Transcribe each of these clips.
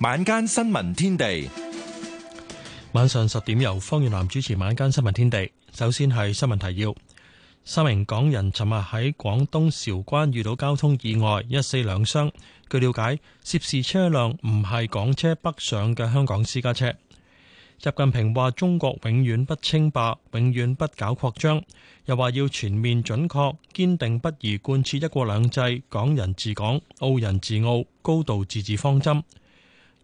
晚間新聞天地，晚上十點由方月南主持晚間新聞天地。首先係新聞提要：三名港人尋日喺廣東韶關遇到交通意外，一死兩傷。據了解，涉事車輛唔係港車北上嘅香港私家車。習近平話：中國永遠不稱霸，永遠不搞擴張。又話要全面準確、堅定不移貫徹一國兩制、港人治港、澳人治澳、高度自治方針。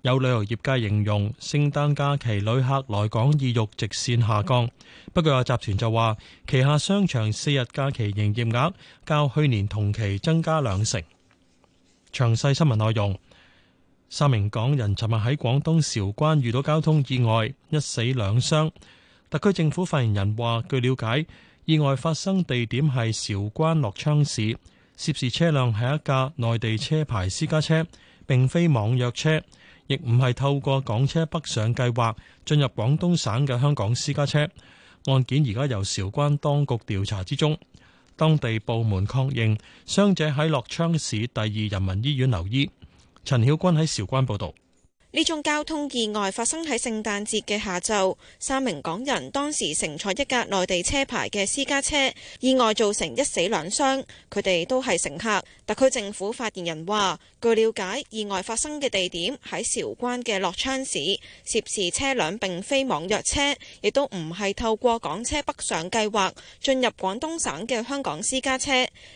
有旅遊業界形容，聖誕假期旅客來港意欲直線下降。不過，有集團就話，旗下商場四日假期營業額較去年同期增加兩成。詳細新聞內容。三名港人尋日喺廣東韶關遇到交通意外，一死兩傷，特區政府發言人話，據了解，意外發生地點係韶關樂昌市，涉事車輛係一架內地車牌私家車，並非網約車，亦唔係透過港車北上計劃進入廣東省嘅香港私家車。案件而家由韶關當局調查之中，當地部門確認傷者喺樂昌市第二人民醫院留醫。陳曉君喺韶關報道。呢宗交通意外發生喺聖誕節嘅下晝，三名港人當時乘坐一架內地車牌嘅私家車，意外造成一死兩傷。佢哋都係乘客。特區政府發言人話，據了解，意外發生嘅地點喺韶關嘅樂昌市，涉事車輛並非網約車，亦都唔係透過港車北上計劃進入廣東省嘅香港私家車。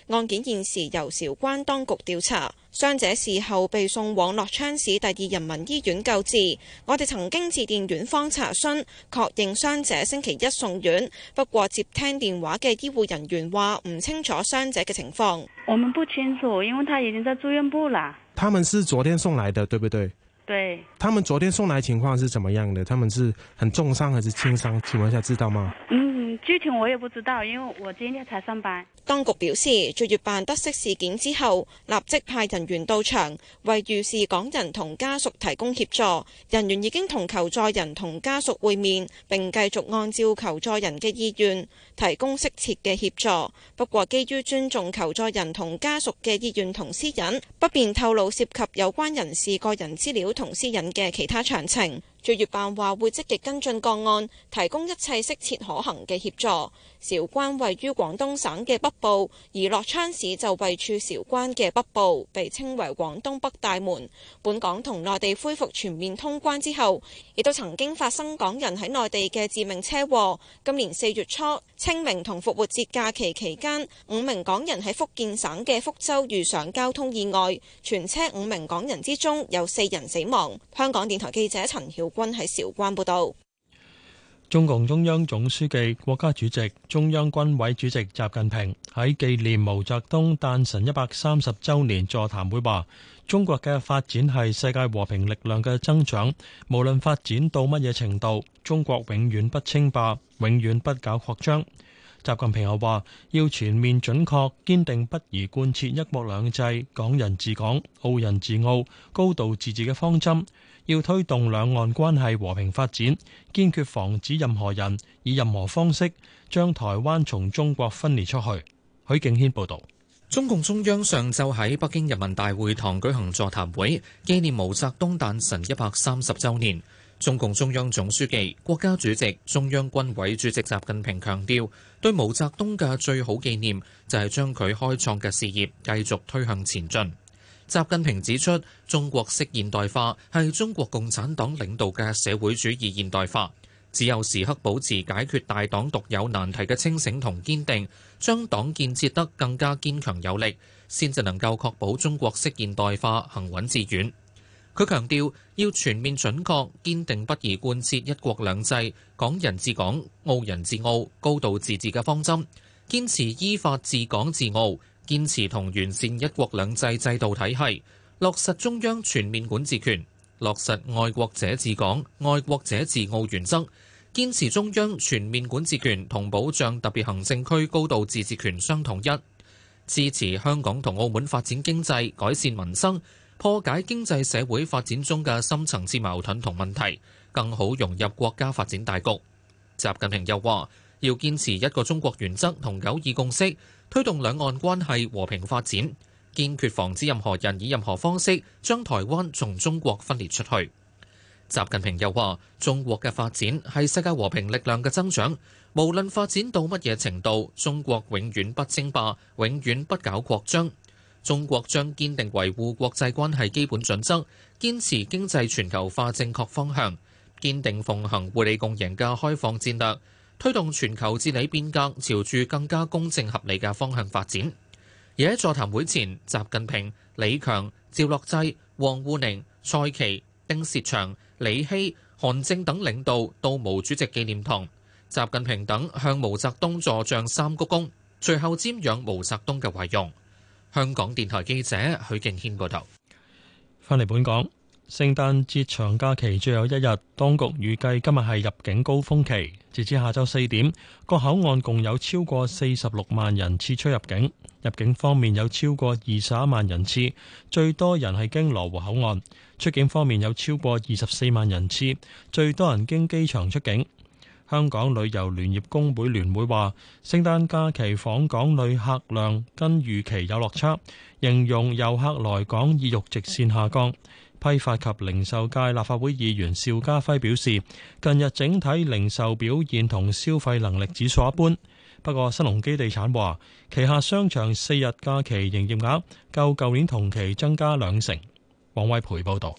案件現時由韶關當局調查。傷者事後被送往樂昌市第二人民醫院救治。我哋曾經致電院方查詢，確認傷者星期一送院，不過接聽電話嘅醫護人員話唔清楚傷者嘅情況。我們不清楚，因為他已經在住院部啦。他們是昨天送來的，對不對？對他們昨天送來情況是怎麼樣的？他們是很重傷還是輕傷，請問一下知道嗎？嗯，具體我也不知道，因為我今天才上班。當局表示，駐粵辦得悉事件之後，立即派人員到場為遇事港人同家屬提供協助。人員已經同求助人同家屬會面，並繼續按照求助人嘅意願提供適切嘅協助。不過，基於尊重求助人同家屬嘅意願同私隱，不便透露涉及有關人士個人資料。同私隱嘅其他詳情。粵月辦話會積極跟進個案，提供一切適切可行嘅協助。韶關位於廣東省嘅北部，而樂昌市就位處韶關嘅北部，被稱為廣東北大門。本港同內地恢復全面通關之後，亦都曾經發生港人喺內地嘅致命車禍。今年四月初清明同復活節假期期間，五名港人喺福建省嘅福州遇上交通意外，全車五名港人之中有四人死亡。香港電台記者陳曉。軍喺韶關報道。中共中央總書記、國家主席、中央軍委主席習近平喺紀念毛澤東誕辰一百三十週年座談會話：中國嘅發展係世界和平力量嘅增長，無論發展到乜嘢程度，中國永遠不稱霸，永遠不搞擴張。習近平又話：要全面準確、堅定不移貫徹一國兩制、港人治港、澳人治澳、高度自治嘅方針。要推動兩岸關係和平發展，堅決防止任何人以任何方式將台灣從中國分裂出去。許敬軒報導。中共中央上晝喺北京人民大會堂舉行座談會，紀念毛澤東誕辰一百三十週年。中共中央總書記、國家主席、中央軍委主席習近平強調，對毛澤東嘅最好紀念就係將佢開創嘅事業繼續推向前進。習近平指出，中國式現代化係中國共產黨領導嘅社會主義現代化，只有時刻保持解決大黨獨有難題嘅清醒同堅定，將黨建設得更加堅強有力，先至能夠確保中國式現代化行穩致遠。佢強調，要全面準確、堅定不移貫徹一國兩制、港人治港、澳人治澳、高度自治嘅方針，堅持依法治港治澳。堅持同完善一國兩制制度體系，落實中央全面管治權，落實愛國者治港、愛國者治澳原則，堅持中央全面管治權同保障特別行政區高度自治權相統一，支持香港同澳門發展經濟、改善民生、破解經濟社會發展中嘅深層次矛盾同問題，更好融入國家發展大局。習近平又話，要堅持一個中國原則同九二共識。推動兩岸關係和平發展，堅決防止任何人以任何方式將台灣從中國分裂出去。習近平又話：中國嘅發展係世界和平力量嘅增長，無論發展到乜嘢程度，中國永遠不稱霸，永遠不搞擴張。中國將堅定維護國際關係基本準則，堅持經濟全球化正確方向，堅定奉行互利共贏嘅開放戰略。推動全球治理變革朝住更加公正合理嘅方向發展。而喺座談會前，習近平、李強、趙樂際、王滬寧、蔡奇、丁薛祥、李希、韓正等領導到毛主席紀念堂，習近平等向毛澤東坐像三鞠躬，最後瞻仰毛澤東嘅遺容。香港電台記者許敬軒報道。翻嚟本港。聖誕節長假期最後一日，當局預計今日係入境高峰期。截至下晝四點，各口岸共有超過四十六萬人次出入境。入境方面有超過二十一萬人次，最多人係經羅湖口岸；出境方面有超過二十四萬人次，最多人經機場出境。香港旅遊聯業工會聯會話：聖誕假期訪港旅客量跟預期有落差，形容遊客來港意欲直線下降。批發及零售界立法會議員邵家輝表示，近日整體零售表現同消費能力指數一般。不過，新鴻基地產話，旗下商場四日假期營業額較舊年同期增加兩成。王偉培報道。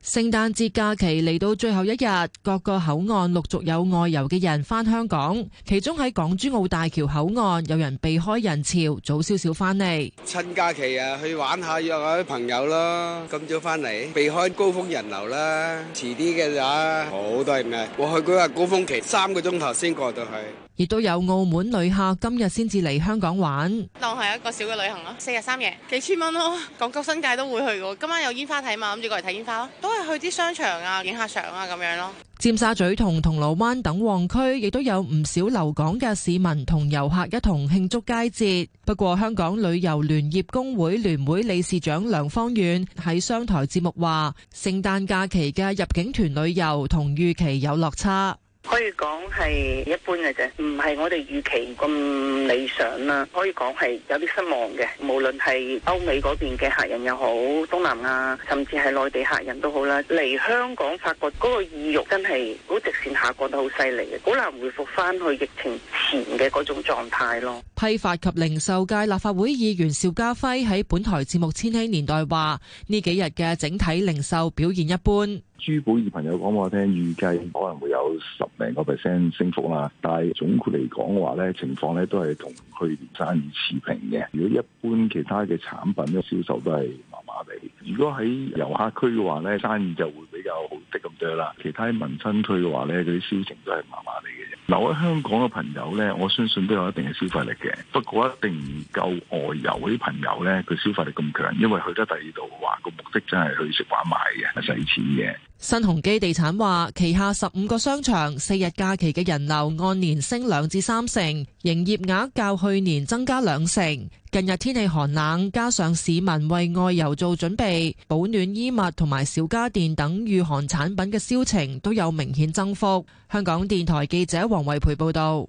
聖誕節假期嚟到最後一日，各個口岸陸續有外遊嘅人返香港，其中喺港珠澳大橋口岸，有人避開人潮，早少少返嚟。趁假期啊，去玩下約下啲朋友啦。今早返嚟避開高峰人流啦，遲啲嘅咋？好多人嘅，我去嗰日高峰期三個鐘頭先過到去。亦都有澳門旅客今日先至嚟香港玩，當係一個小嘅旅行咯，四日三夜，幾千蚊咯。港九新界都會去嘅，今晚有煙花睇嘛，諗住過嚟睇煙花咯。都係去啲商場啊，影下相啊咁樣咯，啊。尖沙咀同銅鑼灣等旺區亦都有唔少留港嘅市民同遊客一同慶祝佳節。不過，香港旅遊聯業工會聯會理事長梁芳遠喺商台節目話，聖誕假期嘅入境團旅遊同預期有落差。可以講係一般嘅啫，唔係我哋預期咁理想啦。可以講係有啲失望嘅，無論係歐美嗰邊嘅客人又好，東南亞甚至係內地客人都好啦。嚟香港發覺嗰個意欲真係好直線下降得好犀利嘅，好難回復翻去疫情前嘅嗰種狀態咯。批發及零售界立法會議員邵家輝喺本台節目《千禧年代》話：呢幾日嘅整體零售表現一般。珠寶業朋友講我聽，預計可能會有。十零個 percent 升幅啦，但係總括嚟講嘅話咧，情況咧都係同去年生意持平嘅。如果一般其他嘅產品咧，銷售都係麻麻地，如果喺遊客區嘅話咧，生意就會比較好啲咁多啦，其他啲民生區嘅話呢，嗰啲銷情都係麻麻地嘅。留喺香港嘅朋友呢，我相信都有一定嘅消費力嘅，不過一定唔夠外遊嗰啲朋友呢，佢消費力咁強，因為去得第二度話個目的真係去食玩買嘅，係使錢嘅。新鴻基地產話，旗下十五個商場四日假期嘅人流按年升兩至三成，營業額較去年增加兩成。近日天氣寒冷，加上市民為外遊做準備，保暖衣物同埋小家電等。御寒產品嘅銷情都有明顯增幅。香港電台記者黃慧培報道。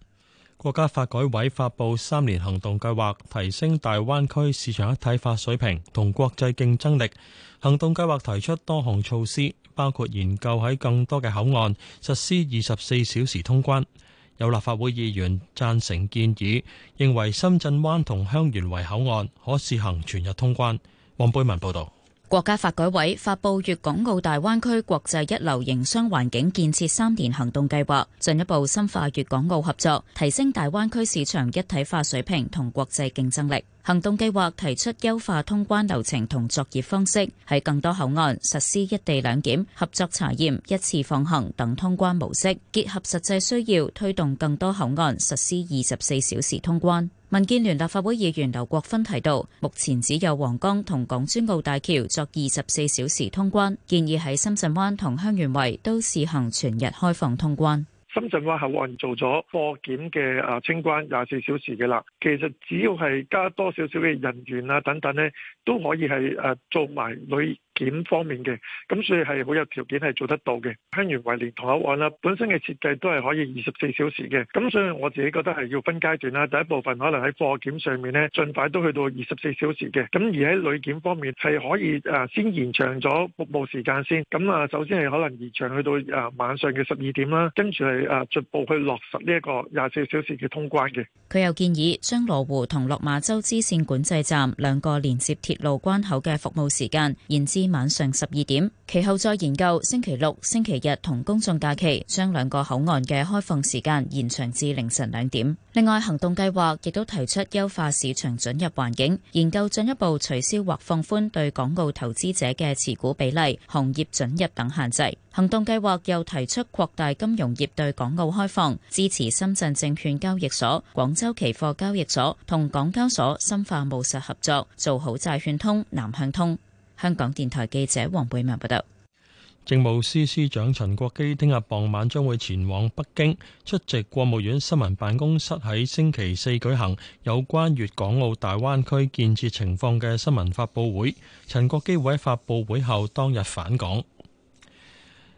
國家發改委發布三年行動計劃，提升大灣區市場一體化水平同國際競爭力。行動計劃提出多項措施，包括研究喺更多嘅口岸實施二十四小時通關。有立法會議員贊成建議，認為深圳灣同香園圍口岸可試行全日通關。黃貝文報道。國家發改委發佈粵港澳大灣區國際一流營商環境建設三年行動計劃，進一步深化粵港澳合作，提升大灣區市場一體化水平同國際競爭力。行動計劃提出優化通關流程同作業方式，喺更多口岸實施一地兩檢、合作查驗、一次放行等通關模式，結合實際需要推動更多口岸實施二十四小時通關。民建聯立法會議員劉國芬提到，目前只有皇崗同港珠澳大橋作二十四小時通關，建議喺深圳灣同香園圍都試行全日開放通關。深圳灣口岸做咗貨檢嘅啊清關廿四小時嘅啦，其實只要係加多少少嘅人員啊等等呢，都可以係誒做埋旅。檢方面嘅，咁所以係好有條件係做得到嘅。香園圍連同口岸啦，本身嘅設計都係可以二十四小時嘅，咁所以我自己覺得係要分階段啦。第一部分可能喺貨檢上面呢，儘快都去到二十四小時嘅，咁而喺旅檢方面係可以誒先延長咗服務時間先。咁啊，首先係可能延長去到誒晚上嘅十二點啦，跟住係誒逐步去落實呢一個廿四小時嘅通關嘅。佢又建議將羅湖同落馬洲支線管制站兩個連接鐵路關口嘅服務時間延至晚上十二點，其後再研究星期六、星期日同公眾假期將兩個口岸嘅開放時間延長至凌晨兩點。另外，行動計劃亦都提出優化市場準入環境，研究進一步取消或放寬對港澳投資者嘅持股比例、行業準入等限制。行動計劃又提出擴大金融業對港澳開放，支持深圳證券交易所、廣州期貨交易所同港交所深化務實合作，做好債券通、南向通。香港電台記者黃貝文報道，政務司司長陳國基聽日傍晚將會前往北京出席國務院新聞辦公室喺星期四舉行有關粵港澳大灣區建設情況嘅新聞發布會。陳國基會喺發布會後當日返港。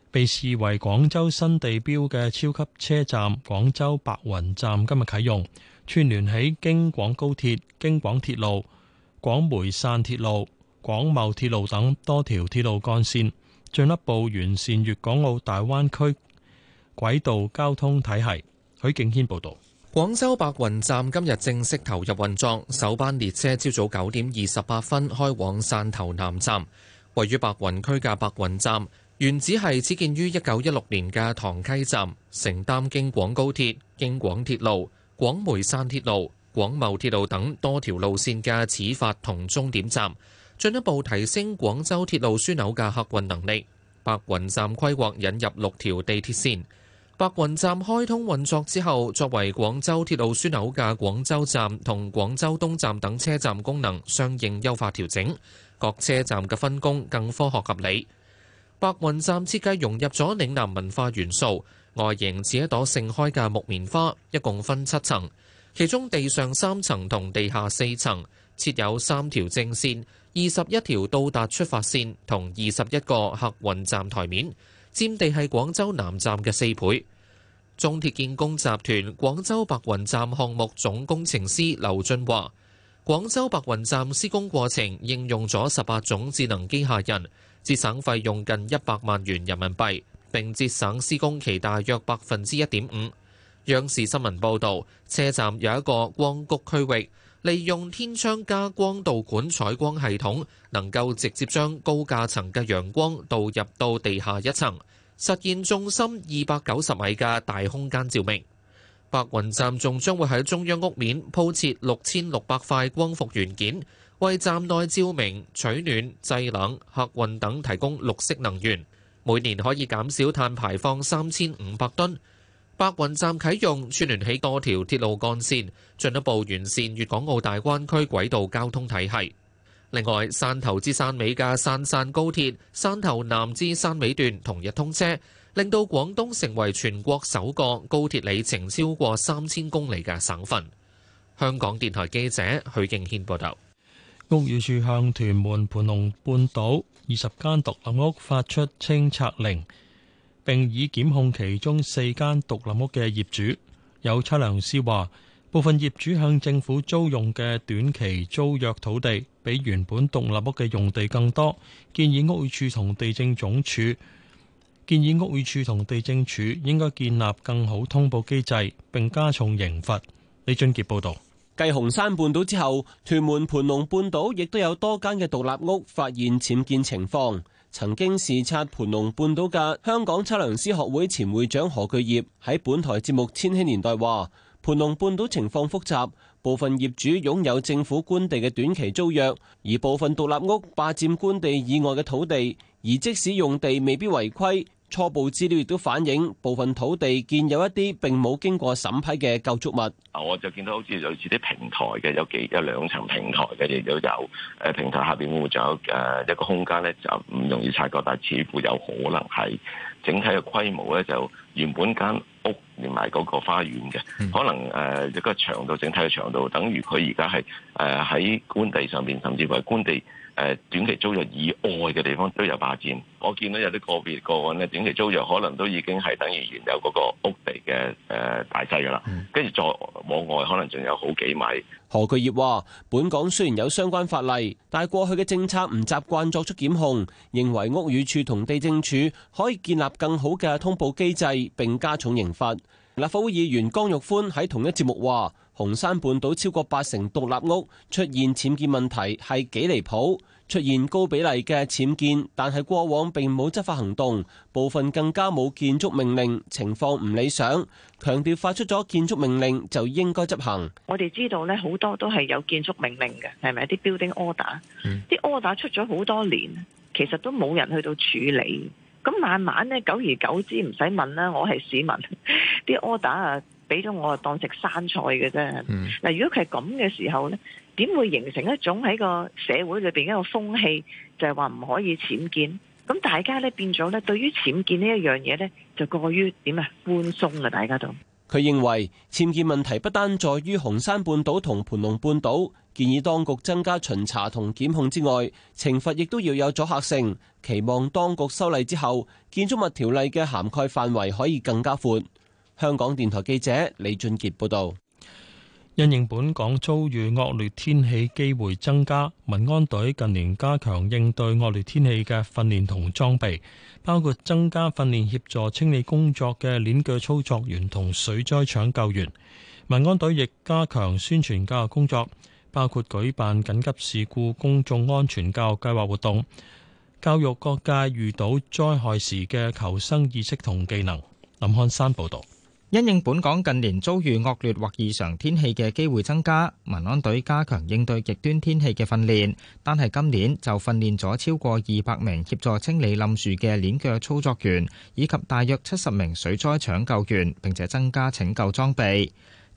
被視為廣州新地標嘅超級車站廣州白雲站今日啟用，串聯起京廣高鐵、京廣鐵路、廣梅汕鐵路、廣茂鐵路等多條鐵路幹線，進一步完善粵港澳大灣區軌道交通體系。許敬軒報道：廣州白雲站今日正式投入運作，首班列車朝早九點二十八分開往汕頭南站。位於白雲區嘅白雲站，原址係始建於一九一六年嘅棠溪站，承擔京廣高鐵、京廣鐵路、廣梅汕鐵路、廣茂鐵路等多條路線嘅始發同終點站。進一步提升廣州鐵路樞紐嘅客運能力。白雲站規劃引入六條地鐵線。白雲站開通運作之後，作為廣州鐵路樞紐嘅廣州站同廣州東站等車站功能相應優化調整，各車站嘅分工更科學合理。白雲站設計融入咗嶺南文化元素，外形似一朵盛開嘅木棉花，一共分七層，其中地上三層同地下四層設有三條正線。二十一條到達出發線同二十一個客運站台面，佔地係廣州南站嘅四倍。中鐵建工集團廣州白雲站項目總工程師劉俊華：廣州白雲站施工過程應用咗十八種智能機械人，節省費用近一百萬元人民幣，並節省施工期大約百分之一點五。央視新聞報道，車站有一個光谷區域。利用天窗加光導管採光系統，能夠直接將高架層嘅陽光導入到地下一層，實現重心二百九十米嘅大空間照明。白雲站仲將會喺中央屋面鋪設六千六百塊光伏元件，為站內照明、取暖、製冷、客運等提供綠色能源，每年可以減少碳排放三千五百噸。白雲站啟用，串連起多條鐵路幹線，進一步完善粵港澳大灣區軌道交通體系。另外，汕頭至汕尾嘅汕汕高鐵，汕頭南至汕尾段同日通車，令到廣東成為全國首個高鐵里程超過三千公里嘅省份。香港電台記者許敬軒報道。屋宇署向屯門盤龍半島二十間獨立屋發出清拆令。並已檢控其中四間獨立屋嘅業主。有測量師話，部分業主向政府租用嘅短期租約土地，比原本獨立屋嘅用地更多。建議屋宇署同地政總署，建議屋宇署同地政署應該建立更好通報機制，並加重刑罰。李俊傑報導。繼紅山半島之後，屯門蟠龍半島亦都有多間嘅獨立屋發現僭建情況。曾經視察盤龍半島嘅香港測量師學會前會長何巨業喺本台節目《千禧年代》話：盤龍半島情況複雜，部分業主擁有政府官地嘅短期租約，而部分獨立屋霸佔官地以外嘅土地，而即使用地未必違規。初步資料亦都反映部分土地建有一啲並冇經過審批嘅舊建築物，我就見到好似類似啲平台嘅，有幾有兩層平台嘅，亦都有誒平台下邊會仲有誒一個空間咧，就唔容易察覺，但係似乎有可能係整體嘅規模咧就。原本間屋連埋嗰個花園嘅，可能誒一個長度，整體嘅長度，等於佢而家係喺官地上面，甚至為官地短期租約以外嘅地方都有霸佔。我見到有啲個別個案呢，短期租約可能都已經係等於原有嗰個屋地嘅大細㗎啦，跟住再往外可能仲有好幾米。何巨業話：本港雖然有相關法例，但係過去嘅政策唔習慣作出檢控，認為屋宇署同地政署可以建立更好嘅通報機制。並加重刑罰。立法會議員江玉歡喺同一節目話，紅山半島超過八成獨立屋出現僭建問題，係幾離譜。出現高比例嘅僭建，但係過往並冇執法行動，部分更加冇建築命令，情況唔理想。強調發出咗建築命令就應該執行。我哋知道咧，好多都係有建築命令嘅，係咪？啲 building order，啲 order 出咗好多年，其實都冇人去到處理。咁慢慢咧，久而久之唔使問啦，我係市民，啲 order 啊，俾咗我啊當食生菜嘅啫。嗯、嗱，如果佢係咁嘅時候咧，點會形成一種喺個社會裏邊一個風氣，就係話唔可以僭建？咁大家咧變咗咧，對於僭建呢一樣嘢咧，就過於點啊寬鬆啊，大家都。佢認為僭建問題不單在於紅山半島同盤龍半島。建議當局增加巡查同檢控之外，懲罰亦都要有阻嚇性。期望當局修例之後，建築物條例嘅涵蓋範圍可以更加闊。香港電台記者李俊傑報道。因應本港遭遇惡劣天氣機會增加，民安隊近年加強應對惡劣天氣嘅訓練同裝備，包括增加訓練協助清理工作嘅鏈鋸操作員同水災搶救員。民安隊亦加強宣傳教育工作。包括舉辦緊急事故公眾安全教育計劃活動，教育各界遇到災害時嘅求生意識同技能。林漢山報道。因應本港近年遭遇惡劣或異常天氣嘅機會增加，民安隊加強應對極端天氣嘅訓練，但係今年就訓練咗超過二百名協助清理冧樹嘅鏈腳操作員，以及大約七十名水災搶救員，並且增加拯救裝備。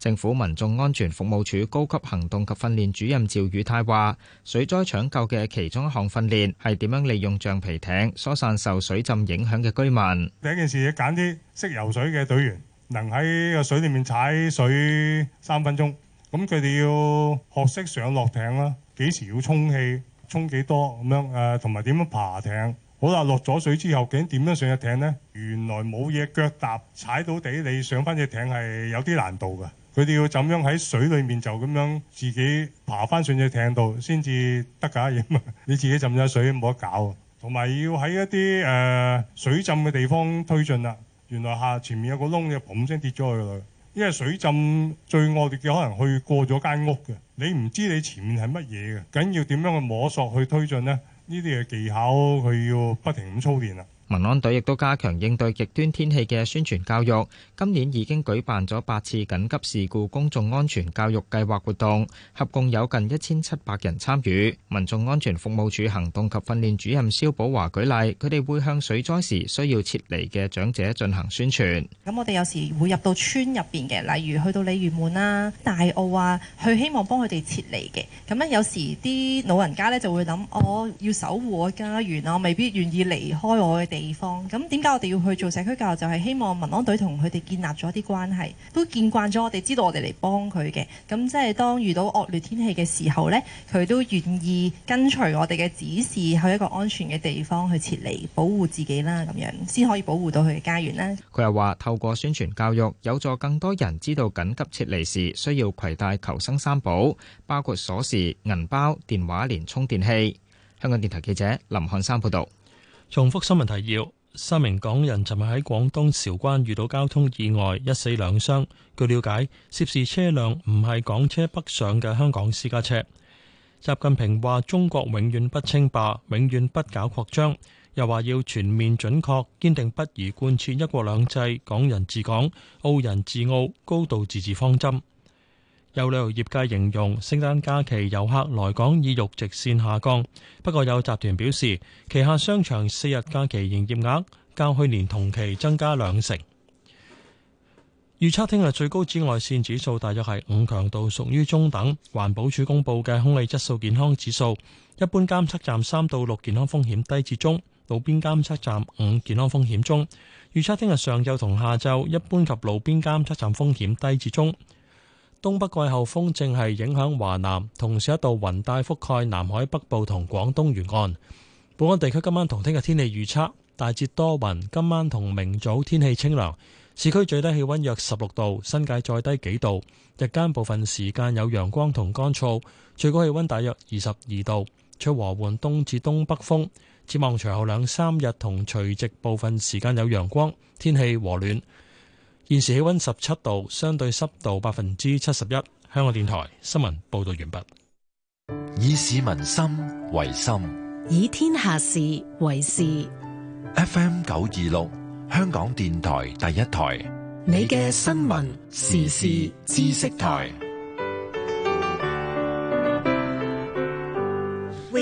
政府民眾安全服務處高級行動及訓練主任趙宇泰話：水災搶救嘅其中一項訓練係點樣利用橡皮艇疏散受水浸影響嘅居民。第一件事要揀啲識游水嘅隊員，能喺個水裡面踩水三分鐘。咁佢哋要學識上落艇啦，幾時要充氣，充幾多咁樣？誒，同埋點樣爬艇？好啦，落咗水之後，究竟點樣上隻艇呢？原來冇嘢腳踏踩到地，你上返隻艇係有啲難度㗎。佢哋要怎樣喺水裏面就這樣自己爬返上隻艇度先至得㗎嘢。你自己浸咗水冇得搞，同埋要喺一啲、呃、水浸嘅地方推進啦。原來下前面有個窿就砰聲跌咗去了。因為水浸最惡劣嘅可能去過咗間屋嘅，你唔知你前面係乜嘢嘅，緊要點樣去摸索去推進呢？呢啲嘅技巧佢要不停咁操練。民安隊亦都加強應對極端天氣嘅宣傳教育，今年已經舉辦咗八次緊急事故公眾安全教育計劃活動，合共有近一千七百人參與。民眾安全服務處行動及訓練主任蕭寶華舉例，佢哋會向水災時需要撤離嘅長者進行宣傳。咁我哋有時會入到村入邊嘅，例如去到鯉魚門啊、大澳啊，去希望幫佢哋撤離嘅。咁呢有時啲老人家呢就會諗，我要守護我家園啊，我未必願意離開我嘅地方，咁點解我哋要去做社區教育？就係希望民安隊同佢哋建立咗啲關係，都見慣咗我哋，知道我哋嚟幫佢嘅。咁即係當遇到惡劣天氣嘅時候呢，佢都願意跟隨我哋嘅指示去一個安全嘅地方去撤離，保護自己啦，咁樣先可以保護到佢嘅家園呢。佢又話透過宣傳教育，有助更多人知道緊急撤離時需要攜帶求生三寶，包括鎖匙、銀包、電話連充電器。香港電台記者林漢山報道。重複新聞提要：三名港人尋日喺廣東韶關遇到交通意外，一死兩傷。據了解，涉事車輛唔係港車北上嘅香港私家車。習近平話：中國永遠不稱霸，永遠不搞擴張。又話要全面準確、堅定不移貫徹一國兩制、港人治港、澳人治澳、高度自治方針。有旅遊業界形容聖誕假期遊客來港意欲直線下降，不過有集團表示旗下商場四日假期營業額較去年同期增加兩成。預測聽日最高紫外線指數大約係五強度，屬於中等。環保署公布嘅空氣質素健康指數，一般監測站三到六健康風險低至中，路邊監測站五健康風險中。預測聽日上晝同下晝一般及路邊監測站風險低至中。東北季候風正係影響華南，同時一道雲帶覆蓋南海北部同廣東沿岸。本港地區今晚同聽日天氣預測，大致多雲，今晚同明早天氣清涼，市區最低氣溫約十六度，新界再低幾度，日間部分時間有陽光同乾燥，最高氣溫大約二十二度，吹和緩東至東北風。展望隨後兩三日同垂直部分時間有陽光，天氣和暖。現時氣溫十七度，相對濕度百分之七十一。香港電台新聞報道完畢。以市民心為心，以天下事為事。FM 九二六，香港電台第一台。你嘅新聞時事知識台。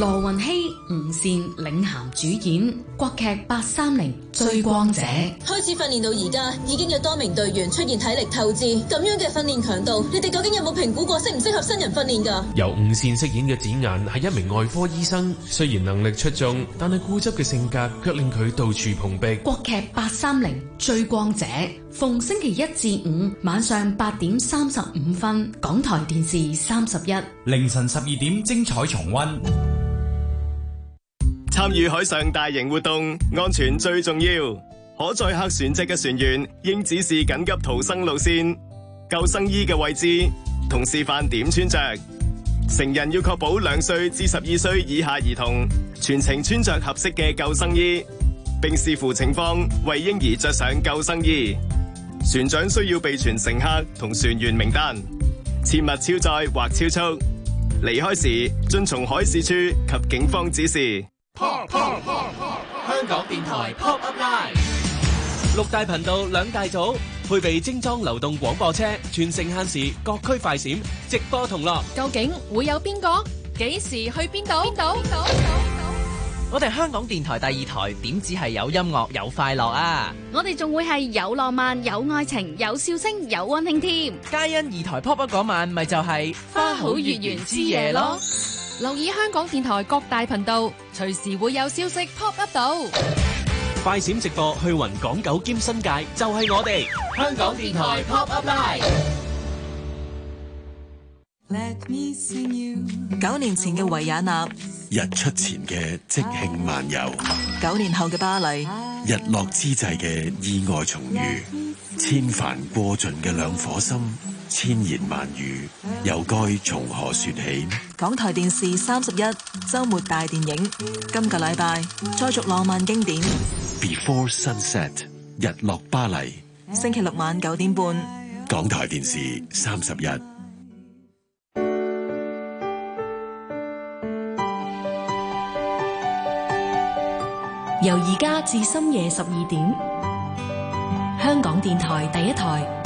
羅雲熙、吳倩、領銜主演國劇《八三零追光者》，開始訓練到而家已經有多名隊員出現體力透支，咁樣嘅訓練強度，你哋究竟有冇評估過適唔適合新人訓練㗎？由吳倩飾演嘅展顏係一名外科醫生，雖然能力出眾，但係固執嘅性格卻令佢到處碰壁。國劇《八三零追光者》逢星期一至五晚上八點三十五分，港台電視三十一，凌晨十二點精彩重溫。參與海上大型活動，安全最重要。可載客船隻嘅船員應指示緊急逃生路線、救生衣嘅位置同示範點穿着。成人要確保兩歲至十二歲以下兒童全程穿着合適嘅救生衣，並視乎情況為嬰兒着上救生衣。船長需要備存乘客同船員名單。切勿超載或超速。離開時遵從海事處及警方指示。Pop Pop Pop Pop！香港電台 Pop Up Live，六大頻道兩大組，配備精裝流動廣播車，全城限時，各區快閃，直播同樂。究竟會有邊個？幾時去邊度？邊度？邊度？邊度？我哋香港電台第二台，點止係有音樂、有快樂啊！我哋仲會係有浪漫、有愛情、有笑聲、有溫馨添。皆因二台 Pop Up 嗰晚，咪就係花好月圓之夜咯。留意香港電台各大頻道，隨時會有消息 pop up 到。快閃直播去云港九兼新界，就係、是、我哋香港電台 pop up live。Let me see you. 九年前嘅維也納，日出前嘅即興漫遊；九年後嘅巴黎，日落之際嘅意外重遇，千帆過盡嘅兩顆心。千言萬語，又該從何說起？港台電視三十一周末大電影，今個禮拜再續浪漫經典。Before Sunset，日落巴黎。星期六晚九點半，港台電視三十一，由而家至深夜十二點，香港電台第一台。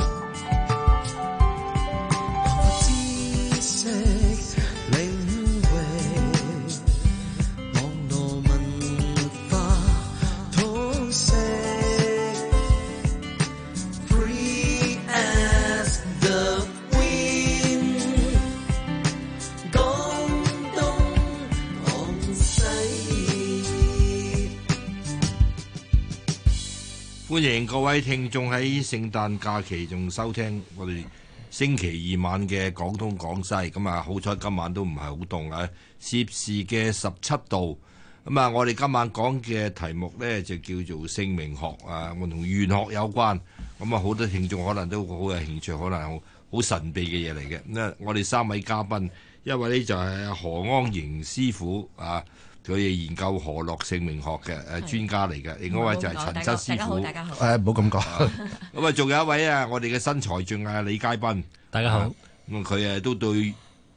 歡迎各位聽眾喺聖誕假期仲收聽我哋星期二晚嘅講東講西，咁啊好彩今晚都唔係好凍啊，攝氏嘅十七度。咁啊，我哋今晚講嘅題目呢，就叫做姓名學啊，我同玄學有關。咁啊，好多聽眾可能都好有興趣，可能好神秘嘅嘢嚟嘅。咁我哋三位嘉賓，一位呢就係何安盈師傅啊。佢哋研究何洛姓名學嘅誒專家嚟嘅。是另外一位就係陳七師傅。誒唔好咁講。咁啊，仲 有一位啊，我哋嘅新才俊啊李佳賓。大家好。咁佢啊佢哋都對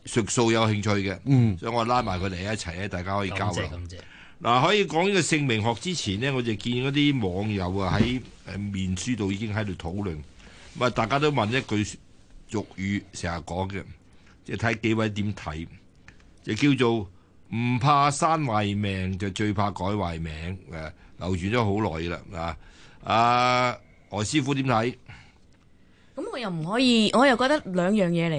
術數有興趣嘅。嗯。所以我拉埋佢哋一齊咧，大家可以交流。感謝，感謝。嗱、啊，可以講呢個姓名學之前呢，我就見嗰啲網友啊喺誒面書度已經喺度討論。咁啊，大家都問一句俗語成日講嘅，即係睇幾位點睇？就叫做。唔怕生壞命，就最怕改壞名。誒，流傳咗好耐啦。啊，啊，何師傅點睇？咁我又唔可以，我又覺得兩樣嘢嚟。